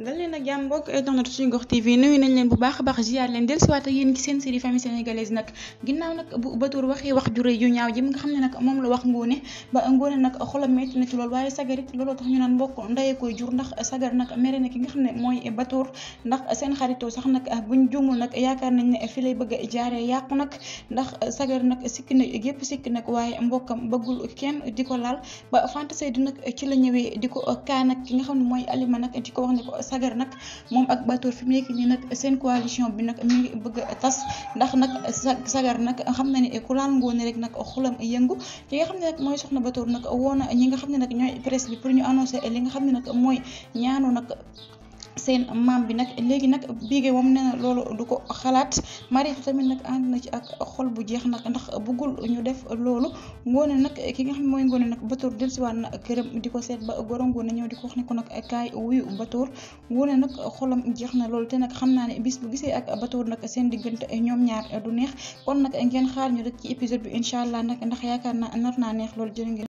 dal leen ak jàmm mbokk internet suñu gox tv nuyu nañ leen bu baax a baax ziar leen dellusiwaat ak yéen ci seen série famille sénégalaise nag ginnaaw nag bu Batour waxee wax ju rëy ñaaw ji nga xam ne nag moom la wax Ngoné ba Ngoné nag xolam metti na ci lool waaye sagarit looloo tax ñu naan mbokk ndeye koy jur ndax sagar nag na ki mooy Batour ndax seen xaritoo sax nag buñ juumul nag yaakaar nañ ne fi lay bëgg a jaare yàqu nag ndax sagar nag sikki na gépp sikki nag waaye mbokkam bëggul kenn di ko laal ba fantasé di nag ci la ñëwee di ko kaa nag ki nga xam ne mooy alima nag di ko wax ne ko sagar nag moom ak Batoor fi mu nekk nii nag seen coalition bi nag ñu ngi bëgg tas ndax nag sagar nag xam na ne ku laal ngoone rek nag xulam yëngu ki nga xam ne nag mooy soxna Batoor nag woona ñi nga xam ne nag ñooy presse bi pour ñu annoncer li nga xam ne nag mooy ñaanu nag seen maam bi nag léegi nag biigee moom nee na loolu du ko xalaat Mariétou tamit nag ànd na ci ak xol bu jeex nag ndax bëggul ñu def loolu ngoone nag ki nga xam ne mooy ngoone nag Batoor dellusiwaat na këram di ko seet ba goro ngoone ñëw di ko wax ne ko nag kaay wuyu Batoor ngoone jeex na loolu te nag xam naa ne bis bu gisee ak Batoor nag seen diggante ñoom ñaar du neex kon nag ngeen xaar ñu rek ci épisode bi incha allah nag ndax yaakaar naa nar naa neex lool jërë ngeen